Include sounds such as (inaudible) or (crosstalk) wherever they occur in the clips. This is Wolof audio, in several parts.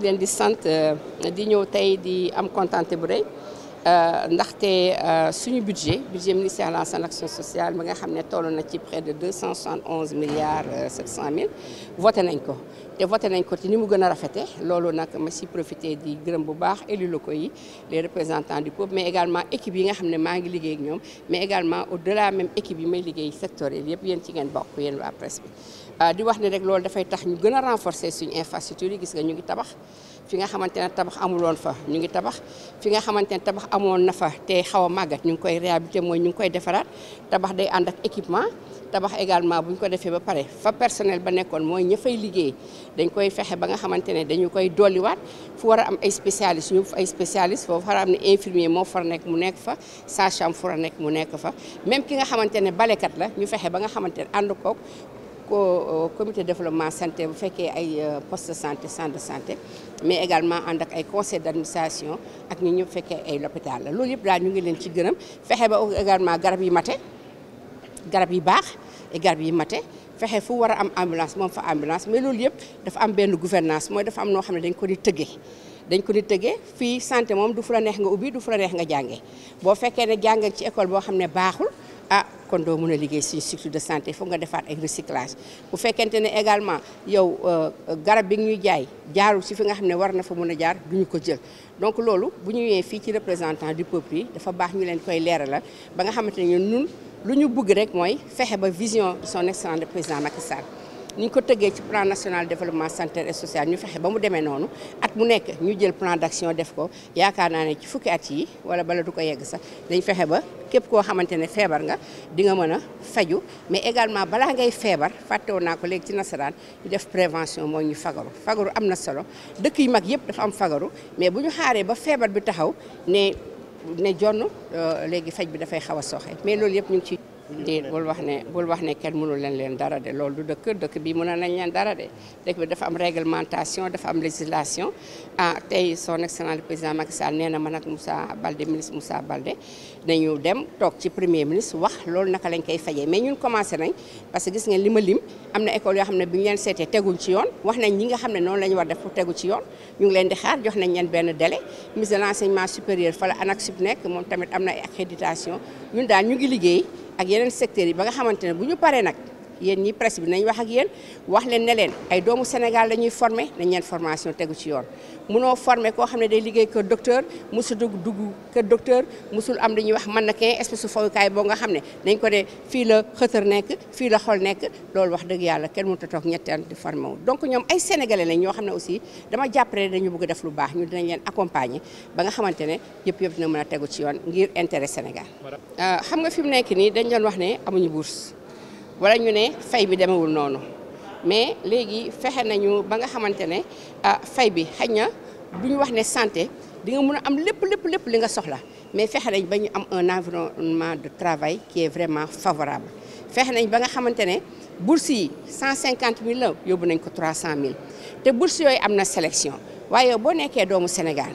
leen di sant euh, di ñëw tey di am contenté bu rëy Euh, ndaxte euh, suñu budget budget ministère de l'Emploi et de l'action sociale bi nga xam ne toll na ci près de deux cent soixante onze milliards euh, sept cent mille voté nañ ko te voté nañ ko te ni mu gën a rafete loolu nag ma si profité di gërëm bu baax élus locaux yi les représentants du peuple mais également équipe yi nga xam ne maa ngi liggéey ak ñoom mais également au delà même équipe yi may liggéey sectoriel yëpp yéen ci ngeen bokk yéen waa presse Ah, di wax ne rek loolu dafay tax ñu gën a renforcer suñu infrastructure yi gis nga ñu ngi tabax fi nga xamante ne tabax amuloon fa ñu ngi tabax fi nga xamante ne tabax amoon na fa te xaw a màggat ñu ngi koy réhabilité mooy ñu ngi koy defaraat tabax day ànd ak équipement tabax également bu ñu ko defee ba pare fa personnel ba nekkoon mooy ña fay liggéey dañ koy fexe ba nga xamante ne dañu koy dolliwaat fu war a am ay spécialistes ñu fa ay spécialistes foofu far a am ne infirmier moo fa nekk mu nekk fa sage-femme a nekk mu nekk fa même ki nga xamante ne balekat la ñu fexe ba nga xamante ne ànd koog au euh, comité développement santé bu fekkee ay euh, poste de santé centre de santé mais également ànd ak ay conseil d'administration ak ñi ñu fekkee ay l'hôpital la loolu yëpp daal ñu ngi leen ci gërëm fexe ba également garab yi mate garab yi baax et garab yi mate fexe fu war a am ambulance moom fa ambulance mais loolu yëpp dafa am benn gouvernance mooy dafa am noo xam ne dañ ko di tëggee dañ ko di tëggee fii santé moom du fu la neex nga ubbi du fu la neex nga jàngee boo fekkee ci école boo xam ne baaxul ah kon doo mun a liggéey si cycle de santé foog nga defaat ay recyclage bu fekkente ne également yow euh, garab bi ñuy jaay jaarul si fi nga xam ne war na fa mun a jaar du ñu ko jël donc loolu bu ñu ñëwee fii ci représentant du peuple yi dafa baax ñu leen koy leeralal ba nga xamante ne ñun lu ñu bugg rek mooy fexe ba vision son excellence de président Macky Sall ni ñu ko tëggee ci plan national développement sanitaire et social ñu fexe ba mu demee noonu at mu nekk ñu jël plan d'action def ko yaakaar naa ne ci fukki at yi wala bala du ko yegg sax dañ fexe ba képp koo xamante ne feebar nga di nga mën a faju mais également balaa ngay feebar fàttewoon naa ko léegi ci nasaraan ñu def prévention mooy ñu fagaru fagaru am na solo dëkk yu mag yëpp dafa am fagaru mais bu ñu xaaree ba feebar bi taxaw ne ne jonn euh, léegi faj bi dafay xaw a sooxe mais loolu yëpp ñu ngi ci déet bul wax ne bul wax ne kenn mënul leen leen dara de loolu du dëkk dëkk bi mën nañ leen dara de dëkk bi dafa am réglementation dafa am législation ah tey son excellence le président Macky Sall nee na man ak Moussa Balde ministre Moussa Balde dañu dem wax loolu naka lañ koy fajee mais ñun commencé nañ parce ma lim am na école yoo xam ne bi ñu leen seetee teguñ ci yoon wax nañ ñi nga xam ne noonu la ñu war def pour tegu ci yoon ñu ngi leen di xaar jox nañ leen benn délai ministre de l'enseignement supérieur fa la ANAQ-Sup nekk moom tamit am na accréditation ñun daal ñu ngi liggéey yeneen secteurs yi ba nga xamante ne bu ñu paree nag yéen ñi presse bi nañ wax ak wax leen ne leen ay doomu Sénégal la ñuy former nañ leen formation tegu ci yoon munoo former koo xam ne day liggéey kër docteur musul dugg dugg kër docteur sul am lu ñuy wax mannequin espèce su fowukaay boo nga xam ne dañ ko ne fii la xëtër nekk fii la xol nekk loolu wax dëgg yàlla kenn mënut a toog ñetti di former donc ñoom ay sénégalais lañ ñoo xam ne aussi dama jàppale dañu bëgg def lu baax ñu dinañ leen accompagner ba nga xamante ne yëpp yëpp dina mën a tegu ci yoon ngir intérêt Sénégal euh, xam nga fi mu nekk nii dañ doon wax ne amuñu bourse wala ñu ne fay bi demewul noonu mais léegi fexe nañu ba nga xamante ne ah, fay bi xëy na bu ñu wax ne santé di nga mën a am lépp lépp lépp li nga soxla mais fexe nañ ba ñu am un environnement de travail qui vraiment favorable fexe nañ ba nga xamante ne bourse yi cent cinquante mille la yóbbu nañ ko trois cent mille te bourse yooyu am na sélection waaye boo nekkee doomu Sénégal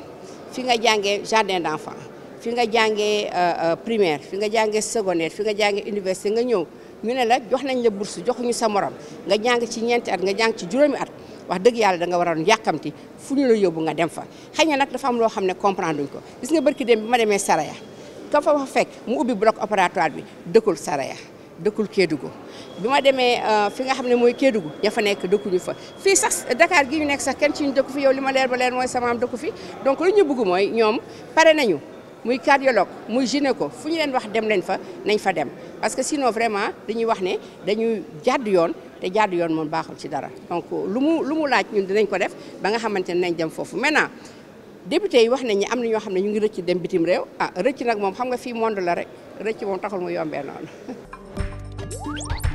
fi nga jàngee jardin d'enfants fi nga jàngee euh, euh, primaire fi nga jàngee secondaire fi nga jàngee université nga ñëw mu ne la jox nañ la bourse joxuñu sa morom nga jàng ci ñeenti at nga jàng ci juróomi at wax dëgg yàlla da nga waroon yàkkamti fu ñu la yóbbu nga dem fa xëy na nag dafa am loo xam ne comprendre ko gis nga barki dem bi ma demee Saraya ka fa fekk mu ubbi bloc opératoire bi dëkkul Saraya dëkkul Kédougou bi ma demee euh, fi nga xam ne mooy Kédougou ña fa nekk dëkkuñu fa fii sax dakaar gi ñu nekk sax kenn ci ñu dëkku fi yow li ma leer ba leer mooy samaam dëkku fi donc lu ñu bëgg mooy ñoom pare ñu muy cardiologue muy ko fu ñu leen wax dem leen fa nañ fa dem parce que sinon vraiment dañuy wax ne dañuy jàdd yoon te jàdd yoon moom baaxul ci dara donc lu mu lu mu laaj ñun dinañ ko def ba nga xamante ne nañ dem foofu maintenant député yi wax nañ ne am na ñoo xam ne ñu ngi rëcc dem bitim réew ah rëcc nag moom xam nga fii monde la rek rëcc moom taxul mu yombee noonu (laughs)